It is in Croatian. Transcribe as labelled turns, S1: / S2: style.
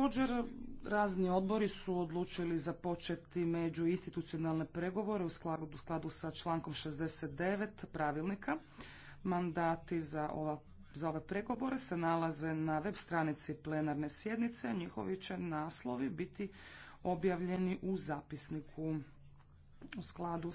S1: Također, razni odbori su odlučili započeti međuinstitucionalne pregovore u skladu, u skladu sa člankom 69 pravilnika. Mandati za, ova, za ove pregovore se nalaze na web stranici plenarne sjednice. Njihovi će naslovi biti objavljeni u zapisniku
S2: u skladu